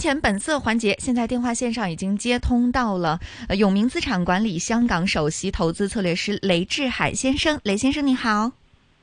前本色環節，現在電話線上已經接通到了，呃，永明資產管理香港首席投資策略師雷志海先生。雷先生，你好。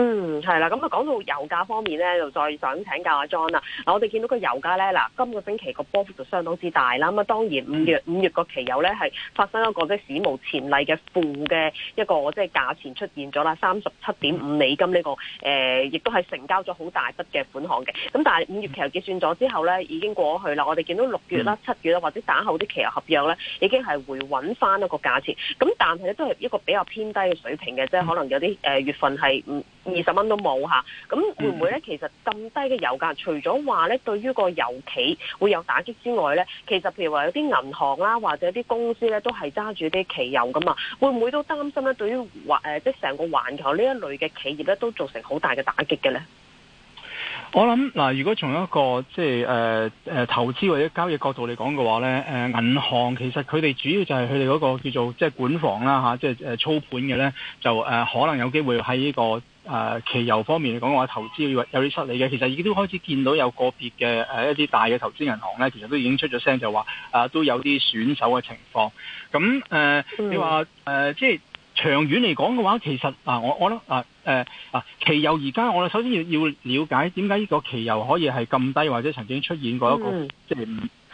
嗯，係啦，咁啊講到油價方面呢，就再想請教阿莊啦。嗱，我哋見到個油價呢，嗱，今個星期個波幅就相當之大啦。咁啊，當然五月五月個期油呢，係發生一個即係史無前例嘅負嘅一個即係價錢出現咗啦，三十七點五美金呢個，呃，亦都係成交咗好大筆嘅款項嘅。咁但係五月期油結算咗之後呢，已經過去啦。我哋見到六月啦、七月啦，或者打後啲期油合約呢，已經係回穩翻一個價錢。咁但係呢，都係一個比較偏低嘅水平嘅，即係可能有啲呃月份係唔。二十蚊都冇吓，咁會唔會咧？其實咁低嘅油價，除咗話咧對於個油企會有打擊之外咧，其實譬如話有啲銀行啊或者啲公司咧都係揸住啲期油噶嘛，會唔會都擔心咧？對於環誒即係成個環球呢一類嘅企業咧，都造成好大嘅打擊嘅咧？我諗嗱，如果從一個即係誒誒投資或者交易角度嚟講嘅話咧，誒、呃、銀行其實佢哋主要就係佢哋嗰個叫做即係管房啦吓、啊，即係誒操盤嘅咧，就誒、呃、可能有機會喺呢、這個誒期油方面嚟講嘅話，投資有啲失利嘅。其實已經都開始見到有個別嘅誒、呃、一啲大嘅投資銀行咧，其實都已經出咗聲就話啊、呃、都有啲損手嘅情況。咁誒，呃嗯、你話誒即係。呃長遠嚟講嘅話，其實啊，我我諗啊，誒啊，期油而家我哋首先要，要了解點解呢個期油可以係咁低，或者曾經出現過一個、嗯、即係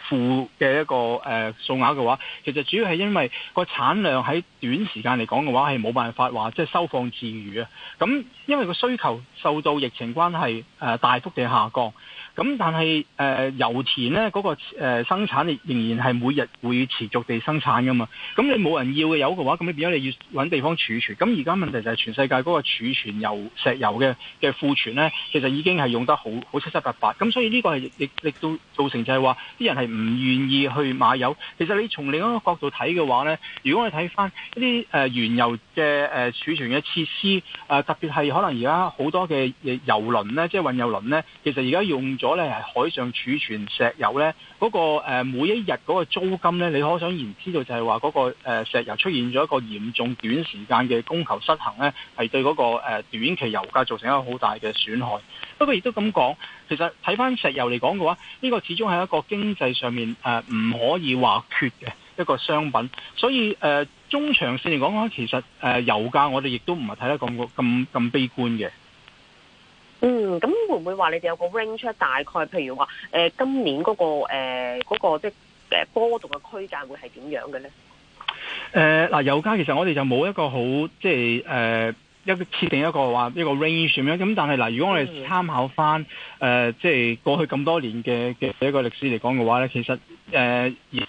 負嘅一個誒、啊、數額嘅話，其實主要係因為個產量喺短時間嚟講嘅話係冇辦法話即係收放自如啊，咁。因為個需求受到疫情關係誒大幅地下降，咁但係誒、呃、油田呢嗰、嗰個、呃、生產仍然係每日會持續地生產噶嘛，咁你冇人要嘅油嘅話，咁你變咗你要揾地方儲存，咁而家問題就係全世界嗰個儲存油石油嘅嘅庫存呢，其實已經係用得好好七七八八，咁所以呢個係亦亦都造成就係話啲人係唔願意去買油。其實你從另一個角度睇嘅話呢，如果你睇翻一啲誒、呃、原油嘅誒、呃、儲存嘅設施，呃、特別係。可能而家好多嘅油輪呢，即係運油輪呢，其實而家用咗呢，係海上儲存石油呢嗰個誒每一日嗰個租金呢，你可想而知道就係話嗰個誒石油出現咗一個嚴重短時間嘅供求失衡呢，係對嗰個誒短期油價造成一個好大嘅損害。不過亦都咁講，其實睇翻石油嚟講嘅話，呢個始終係一個經濟上面誒唔可以話缺嘅。一個商品，所以誒、呃、中長線嚟講其實誒、呃、油價我哋亦都唔係睇得咁咁咁悲觀嘅。嗯，咁會唔會話你哋有個 range 咧？大概譬如話誒、呃、今年嗰、嗰個誒、呃嗰個、即波動嘅區間會係點樣嘅呢？誒嗱、呃呃，油價其實我哋就冇一個好即係誒、呃、一個設定一個話一個 range 咁樣。咁但係嗱、呃，如果我哋參考翻誒、呃、即係過去咁多年嘅嘅一個歷史嚟講嘅話咧，其實誒。呃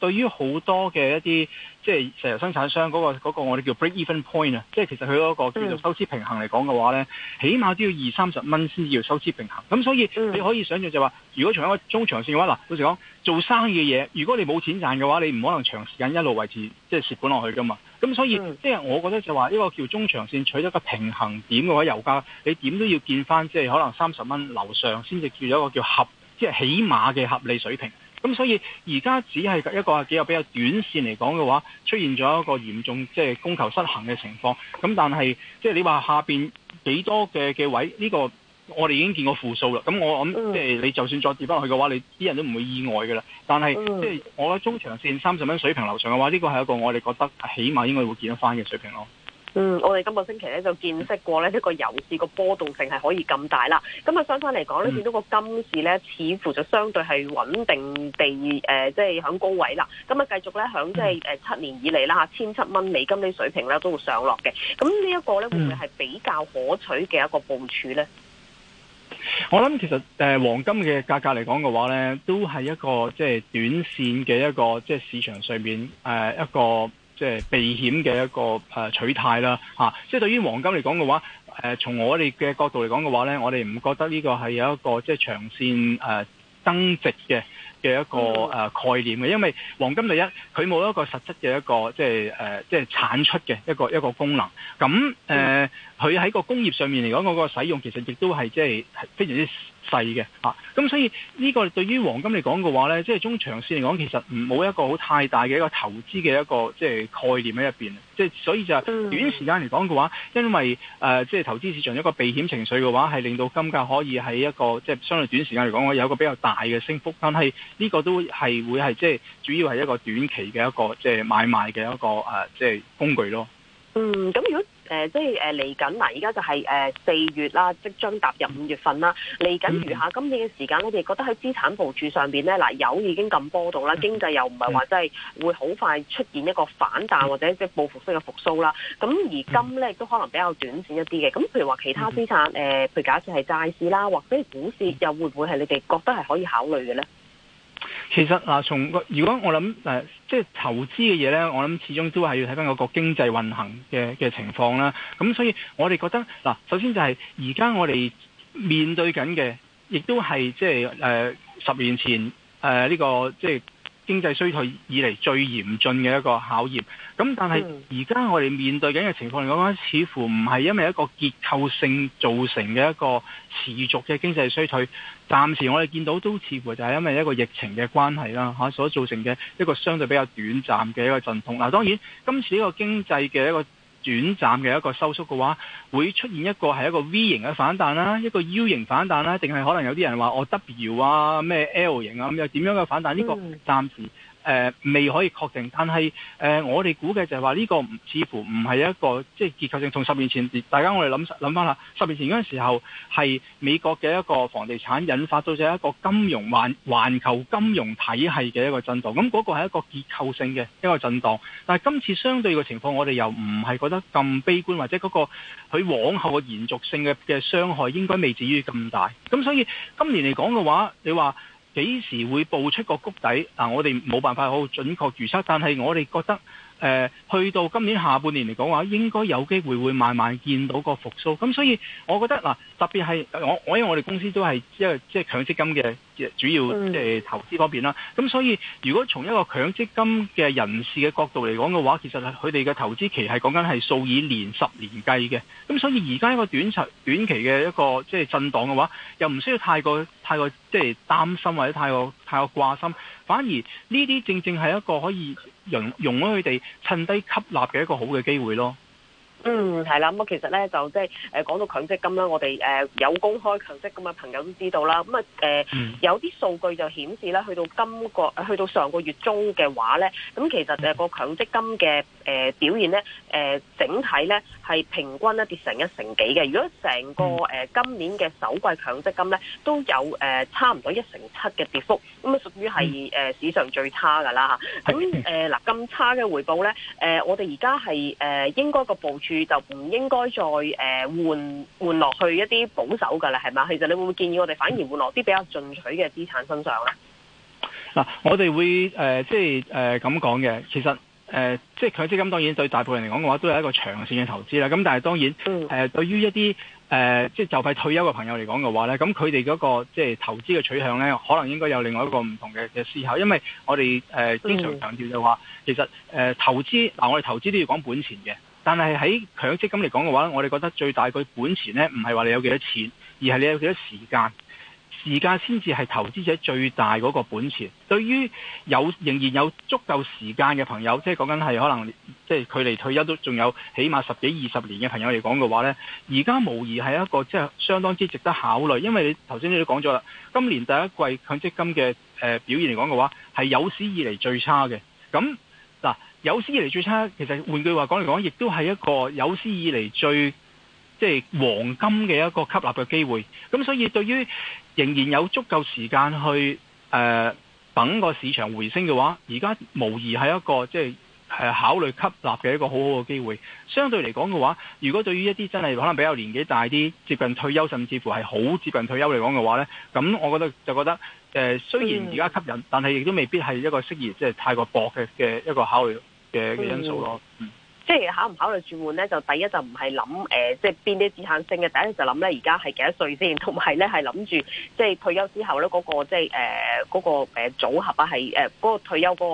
對於好多嘅一啲即係石油生產商嗰個嗰個我哋叫 break even point 啊，即係其實佢嗰個叫做收支平衡嚟講嘅話呢的起碼都要二三十蚊先至叫收支平衡。咁所以你可以想象就話，是，如果從一個中長線嘅話，嗱，到時講做生意嘅嘢，如果你冇錢賺嘅話，你唔可能長時間一路維持即係蝕本落去噶嘛。咁所以即係的我覺得就話呢個叫中長線取得個平衡點嘅話，油價你點都要見翻即係可能三十蚊樓上，先至叫做一個叫合即係起碼嘅合理水平。咁所以而家只係一個比較比較短線嚟講嘅話，出現咗一個嚴重即係、就是、供求失衡嘅情況。咁但係即係你話下邊幾多嘅嘅位呢、這個，我哋已經見過負數啦。咁我諗即係你就算再跌翻落去嘅話，你啲人都唔會意外㗎啦。但係即係我覺得中長線三十蚊水平樓上嘅話，呢、這個係一個我哋覺得起碼應該會見得翻嘅水平咯。嗯，我哋今個星期咧就見識過咧呢、這個油市個波動性係可以咁大啦。咁啊，相反嚟講咧，見到、嗯、個金市咧，似乎就相對係穩定地誒，即係喺高位繼續，呢、呃、啦。咁啊，繼續咧喺即係誒七年以嚟啦吓千七蚊美金呢水平咧都會上落嘅。咁呢一個咧會唔會係比較可取嘅一個部署咧？我諗其實誒、呃、黃金嘅價格嚟講嘅話咧，都係一個即係、就是、短線嘅一個即係、就是、市場上面誒、呃、一個。即係避險嘅一個誒取態啦，嚇！即係對於黃金嚟講嘅話，誒從我哋嘅角度嚟講嘅話咧，我哋唔覺得呢個係有一個即係長線誒增值嘅嘅一個誒概念嘅，因為黃金第一佢冇一個實質嘅一個即係誒即係產出嘅一個一個功能，咁誒佢喺個工業上面嚟講嗰個使用其實亦都係即係非常之細嘅咁，所以呢個對於黃金嚟講嘅話呢，即係中長線嚟講，其實唔冇一個好太大嘅一個投資嘅一個即係概念喺入邊，即係所以就短時間嚟講嘅話，因為誒即係投資市場一個避險情緒嘅話，係令到金價可以喺一個即係相對短時間嚟講，有一個比較大嘅升幅。但係呢個都係會係即係主要係一個短期嘅一個即係買賣嘅一個誒即係工具咯。嗯，咁如果。誒、呃，即係誒嚟緊嗱，而家就係誒四月啦，即將踏入五月份啦。嚟緊餘下今年嘅時間，我哋覺得喺資產部署上面咧，嗱、呃，有已經咁波動啦，經濟又唔係話即係會好快出現一個反彈或者即係報復式嘅復甦啦。咁而今咧亦都可能比較短線一啲嘅。咁譬如話其他資產，誒、呃，譬如假設係債市啦，或者股市，又會唔會係你哋覺得係可以考慮嘅咧？其實嗱，從如果我諗誒，即係投資嘅嘢咧，我諗始終都係要睇翻嗰個經濟運行嘅嘅情況啦。咁所以，我哋覺得嗱，首先就係而家我哋面對緊嘅，亦都係即係誒十年前誒呢、呃呢個即係。經濟衰退以嚟最嚴峻嘅一個考驗，咁但係而家我哋面對緊嘅情況嚟講，似乎唔係因為一個結構性造成嘅一個持續嘅經濟衰退，暫時我哋見到都似乎就係因為一個疫情嘅關係啦，嚇所造成嘅一個相對比較短暫嘅一個陣痛。嗱，當然今次呢個經濟嘅一個。短暫嘅一個收縮嘅話，會出現一個係一個 V 型嘅反彈啦、啊，一個 U 型反彈啦、啊，定係可能有啲人話：「我 W 啊咩 L 型啊咁又點樣嘅反彈？這」呢個暫時。誒、呃、未可以確定，但係誒、呃、我哋估計就係話呢個唔似乎唔係一個即係、就是、結構性，從十年前大家我哋諗諗返啦，十年前嗰陣時候係美國嘅一個房地產引發到咗一個金融環球金融體系嘅一個震盪，咁、那、嗰個係一個結構性嘅一個震盪。但係今次相對嘅情況，我哋又唔係覺得咁悲觀，或者嗰個佢往後嘅延續性嘅嘅傷害應該未至於咁大。咁所以今年嚟講嘅話，你話，幾時會步出個谷底？嗱、啊，我哋冇辦法好準確預測，但係我哋覺得，誒、呃，去到今年下半年嚟講話，應該有機會會慢慢見到個復甦。咁所以，我覺得嗱、啊，特別係我我因為我哋公司都係即係即係強積金嘅。主要誒投資方面啦，咁所以如果從一個強積金嘅人士嘅角度嚟講嘅話，其實佢哋嘅投資期係講緊係數以年十年計嘅，咁所以而家一個短期短期嘅一個即係震盪嘅話，又唔需要太過太過即係擔心或者太過太過掛心，反而呢啲正正係一個可以容容許佢哋趁低吸納嘅一個好嘅機會咯。嗯，係啦，咁啊，其實咧就即係講到強積金啦，我哋誒有公開強積金嘅朋友都知道啦，咁、呃、啊、嗯、有啲數據就顯示咧，去到今個去到上個月中嘅話咧，咁其實誒個強積金嘅誒表現咧、呃、整體咧係平均咧跌成一成幾嘅。如果成個誒今年嘅首季強積金咧都有誒差唔多一成七嘅跌幅，咁啊屬於係誒史上最差噶啦。咁誒嗱咁差嘅回報咧，誒、呃、我哋而家係誒應該個部署。就唔應該再誒、呃、換換落去一啲保守㗎啦，係嘛？其實你會唔會建議我哋反而換落啲比較進取嘅資產身上咧？嗱，我哋會誒即係誒咁講嘅。其實誒、呃、即係強積金，當然對大部分人嚟講嘅話，都係一個長線嘅投資啦。咁但係當然誒、嗯呃，對於一啲誒、呃、即係就快退休嘅朋友嚟講嘅話咧，咁佢哋嗰個即係投資嘅取向咧，可能應該有另外一個唔同嘅嘅思考，因為我哋誒、呃、經常強調就話，嗯、其實誒、呃、投資嗱、呃，我哋投資都要講本錢嘅。但係喺強積金嚟講嘅話，我哋覺得最大嘅本錢呢，唔係話你有幾多錢，而係你有幾多時間，時間先至係投資者最大嗰個本錢。對於有仍然有足夠時間嘅朋友，即係講緊係可能即係、就是、距離退休都仲有起碼十幾二十年嘅朋友嚟講嘅話呢，而家無疑係一個即係相當之值得考慮，因為你頭先你都講咗啦，今年第一季強積金嘅誒、呃、表現嚟講嘅話，係有史以嚟最差嘅。咁嗱。有史以嚟最差，其實換句話講嚟講，亦都係一個有史以嚟最即係黃金嘅一個吸納嘅機會。咁所以對於仍然有足夠時間去誒、呃、等個市場回升嘅話，而家無疑係一個即係、啊、考慮吸納嘅一個好好嘅機會。相對嚟講嘅話，如果對於一啲真係可能比較年紀大啲、接近退休甚至乎係好接近退休嚟講嘅話呢，咁我覺得就覺得誒、呃、雖然而家吸引，但係亦都未必係一個適宜即係太過薄嘅嘅一個考慮。嘅因素咯，嗯嗯、即係考唔考慮轉換呢？就第一就唔係諗誒，即係邊啲局限性嘅。第一就諗咧，而家係幾多歲先，同埋咧係諗住即係退休之後呢嗰、嗰個即係誒、呃嗰個誒組合啊，係誒嗰個退休個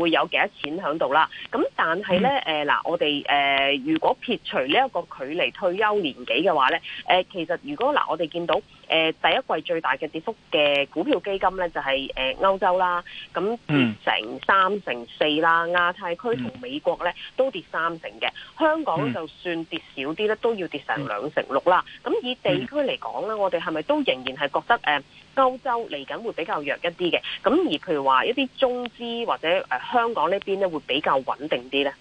會有幾多錢喺度啦。咁但係呢，誒嗱、嗯呃，我哋誒、呃、如果撇除呢一個距離退休年紀嘅話呢，誒、呃、其實如果嗱、呃、我哋見到。誒、呃、第一季最大嘅跌幅嘅股票基金咧，就係、是、誒、呃、歐洲啦，咁跌成三成四啦，亞太區同美國咧、嗯、都跌三成嘅。香港就算跌少啲咧，都要跌成兩成六啦。咁、嗯、以地區嚟講咧，我哋係咪都仍然係覺得誒、呃、歐洲嚟緊會比較弱一啲嘅？咁而譬如話一啲中資或者誒、呃、香港呢邊咧，會比較穩定啲咧？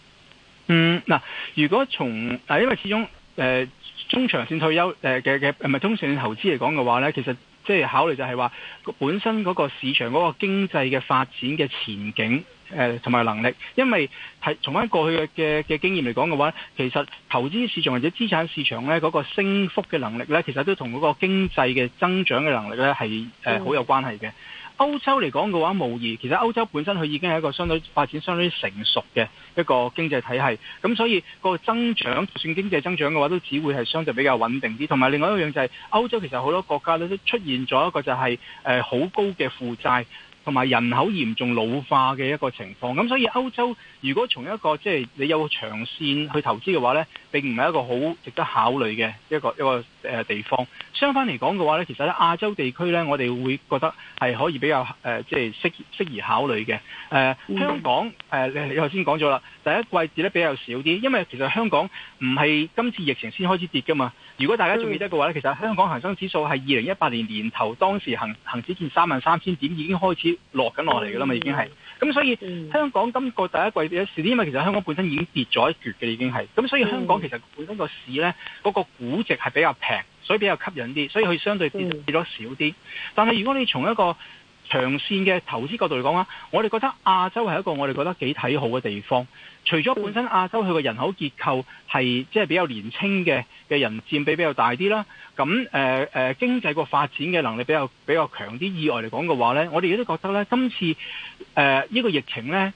嗯，嗱，如果從啊，因為始終誒。呃中長線退休誒嘅嘅，唔係中長線投資嚟講嘅話咧，其實即係考慮就係話本身嗰個市場嗰個經濟嘅發展嘅前景。誒同埋能力，因為係從翻過去嘅嘅嘅經驗嚟講嘅話，其實投資市場或者資產市場咧嗰個升幅嘅能力咧，其實都同嗰個經濟嘅增長嘅能力咧係誒好有關係嘅。嗯、歐洲嚟講嘅話，無疑其實歐洲本身佢已經係一個相對發展相對成熟嘅一個經濟體系，咁所以個增長，就算經濟增長嘅話，都只會係相對比較穩定啲。同埋另外一樣就係、係、歐洲其實好多國家咧都出現咗一個就係誒好高嘅負債。同埋人口嚴重老化嘅一個情況，咁所以歐洲如果從一個即係你有個長線去投資嘅話呢，並唔係一個好值得考慮嘅一個一個，一個、呃、地方。相反嚟講嘅話呢，其實咧亞洲地區呢，我哋會覺得係可以比較、呃、即係適適宜考慮嘅。誒、呃、香港誒、呃、你你頭先講咗啦，第一季節咧比較少啲，因為其實香港唔係今次疫情先開始跌㗎嘛。如果大家仲記得嘅話呢，其實香港恒生指數係二零一八年年頭當時恒恒指見三萬三千點已經開始。落緊落嚟㗎啦嘛，已經係咁，嗯、所以、嗯、香港今個第一季嘅市，因為其實香港本身已經跌咗一橛嘅，已經係咁，所以香港其實本身個市呢，嗰、嗰個估值係比較平，所以比較吸引啲，所以佢相對跌跌咗少啲。嗯、但係如果你從一個長線嘅投資角度嚟講啊，我哋覺得亞洲係一個我哋覺得幾睇好嘅地方。除咗本身亞洲佢個人口結構係即係比較年輕嘅嘅人佔比比較大啲啦，咁誒誒經濟個發展嘅能力比較比較強啲。意外嚟講嘅話呢，我哋亦都覺得呢，今次誒呢、呃這個疫情呢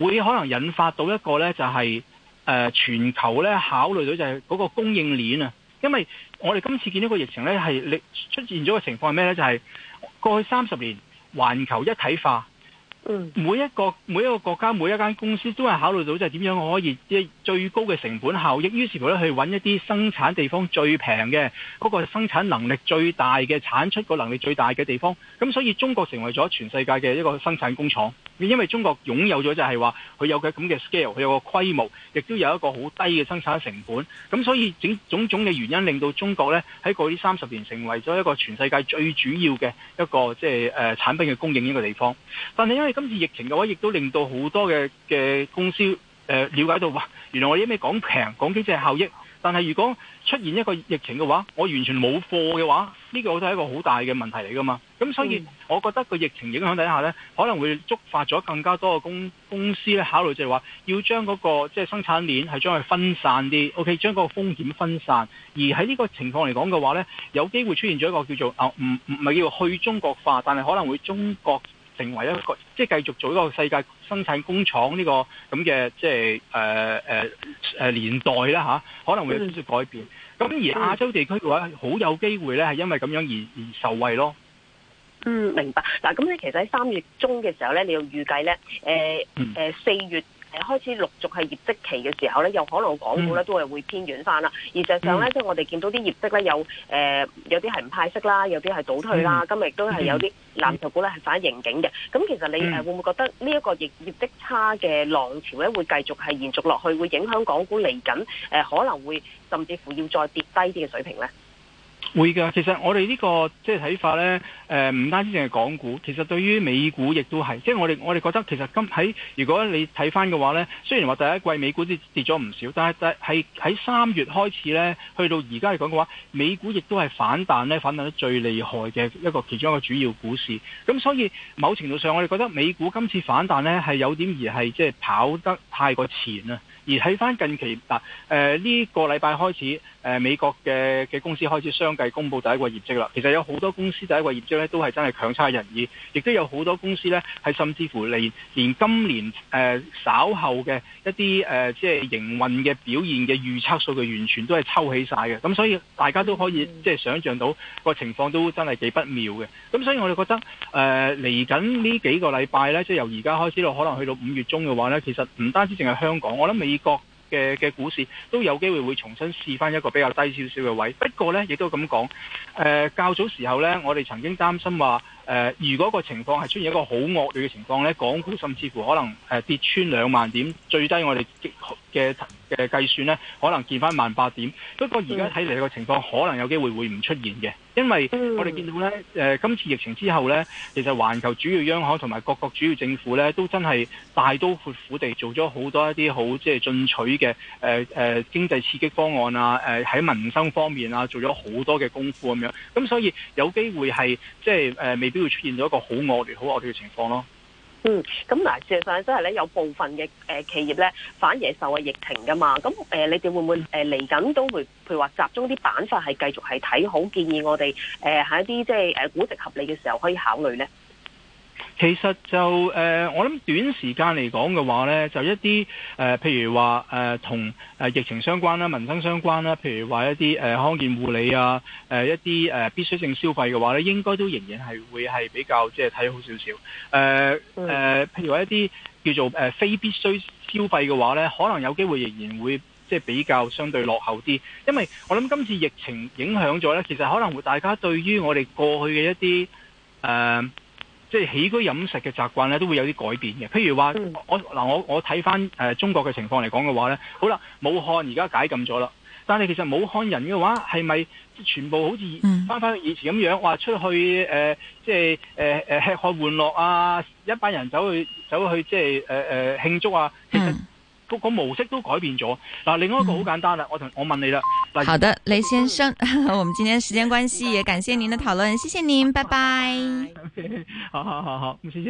會可能引發到一個呢、就是，就係誒全球呢考慮到就係嗰個供應鏈啊。因為我哋今次見到個疫情呢，係你出現咗個情況係咩呢？就係、是、過去三十年。環球一體化，每一個每一個國家每一間公司都係考慮到就係點樣可以即最高嘅成本效益，於是乎咧去揾一啲生產地方最平嘅，嗰個生產能力最大嘅，產出個能力最大嘅地方。咁所以中國成為咗全世界嘅一個生產工廠。因為中國擁有咗就係話，佢有嘅咁嘅 scale，佢有個規模，亦都有一個好低嘅生產成本。咁所以整種種嘅原因，令到中國呢喺過去呢三十年成為咗一個全世界最主要嘅一個即係誒產品嘅供應呢個地方。但係因為今次疫情嘅話，亦都令到好多嘅嘅公司誒、呃、了解到，哇！原來我哋一味講平講經濟效益。但係如果出現一個疫情嘅話，我完全冇貨嘅話，呢個都係一個好大嘅問題嚟噶嘛。咁所以我覺得個疫情影響底下呢，可能會觸發咗更加多嘅公公司咧考慮就是說、那個，就係話要將嗰個即係生產鏈係將佢分散啲，OK，將嗰個風險分散。而喺呢個情況嚟講嘅話呢，有機會出現咗一個叫做啊，唔唔係叫做去中國化，但係可能會中國。成為一個即係繼續做一個世界生產工廠呢個咁嘅即係誒誒誒年代啦嚇，可能會有少少改變。咁而亞洲地區嘅話，好有機會咧，係因為咁樣而而受惠咯。嗯，明白。嗱，咁你其實喺三月中嘅時候咧，你要預計咧，誒誒四月，誒開始陸續係業績期嘅時候呢，有可能港股咧都係會偏遠翻啦。而實際上呢，即係我哋見到啲業績咧有誒、呃、有啲係唔派息啦，有啲係倒退啦。嗯、今日亦都係有啲藍籌股呢係反盈警嘅。咁其實你誒、呃、會唔會覺得呢一個業業績差嘅浪潮呢，會繼續係延續落去，會影響港股嚟緊誒可能會甚至乎要再跌低啲嘅水平呢？會㗎。其實我哋呢個即係睇法呢，誒、呃、唔單止淨係港股，其實對於美股亦都係。即係我哋我哋覺得其實今喺如果你睇翻嘅話呢，雖然話第一季美股跌跌咗唔少，但係但係喺三月開始呢，去到而家嚟講嘅話，美股亦都係反彈呢，反彈得最厲害嘅一個其中一個主要股市。咁所以某程度上，我哋覺得美股今次反彈呢，係有點而係即係跑得太過前啊！而睇翻近期嗱呢、呃呢個禮拜開始。誒、呃、美國嘅嘅公司開始相繼公布第一個業績啦，其實有好多公司第一季業績呢都係真係強差人意，亦都有好多公司呢係甚至乎連，連今年誒、呃、稍後嘅一啲誒即係營運嘅表現嘅預測數據完全都係抽起晒嘅，咁所以大家都可以即係、就是、想像到個情況都真係幾不妙嘅。咁所以我哋覺得誒嚟緊呢幾個禮拜呢，即、就、係、是、由而家開始到可能去到五月中嘅話呢，其實唔單止淨係香港，我諗美國。嘅嘅股市都有機會會重新試翻一個比較低少少嘅位，不過咧亦都咁講。誒、呃、較早時候咧，我哋曾經擔心話。誒、呃，如果個情況係出現一個好惡劣嘅情況呢，港股甚至乎可能、呃、跌穿兩萬點，最低我哋嘅嘅計算呢，可能見翻萬八點。不過而家睇嚟個情況，可能有機會會唔出現嘅，因為我哋見到呢，誒、呃、今次疫情之後呢，其實環球主要央行同埋各國主要政府呢，都真係大刀闊斧地做咗好多一啲好即係進取嘅誒誒經濟刺激方案啊，誒、呃、喺民生方面啊，做咗好多嘅功夫咁樣。咁所以有機會係即係誒未。呃都會出現咗一個好惡劣、好惡劣嘅情況咯。嗯，咁嗱，事實上真係咧，有部分嘅誒、呃、企業咧，反而受嘅疫情噶嘛。咁誒、呃，你哋會唔會誒嚟緊都會譬如話集中啲板塊係繼續係睇好，建議我哋誒喺一啲即係誒估值合理嘅時候可以考慮咧。其實就誒、呃，我諗短時間嚟講嘅話呢，就一啲誒、呃，譬如話誒同誒疫情相關啦、民生相關啦，譬如話一啲誒、呃、康健護理啊，誒、呃、一啲誒、呃、必須性消費嘅話呢，應該都仍然係會係比較即係睇好少少。誒、呃、誒、呃，譬如話一啲叫做誒、呃、非必須消費嘅話呢，可能有機會仍然會即係、就是、比較相對落後啲。因為我諗今次疫情影響咗呢，其實可能大家對於我哋過去嘅一啲誒、呃即係起居飲食嘅習慣咧，都會有啲改變嘅。譬如話，我嗱我我睇翻、呃、中國嘅情況嚟講嘅話咧，好啦，武漢而家解禁咗啦，但係其實武漢人嘅話係咪全部好似翻返以前咁樣，話出去、呃、即係誒誒吃喝玩樂啊，一班人走去走去即係誒誒慶祝啊？其實嗯個個模式都改變咗。嗱，另外一個好簡單啦，我同、嗯、我問你啦。好的，雷先生，我們今天時間關係，也感謝您的討論，謝謝您，拜拜。好，好好好，唔，謝謝。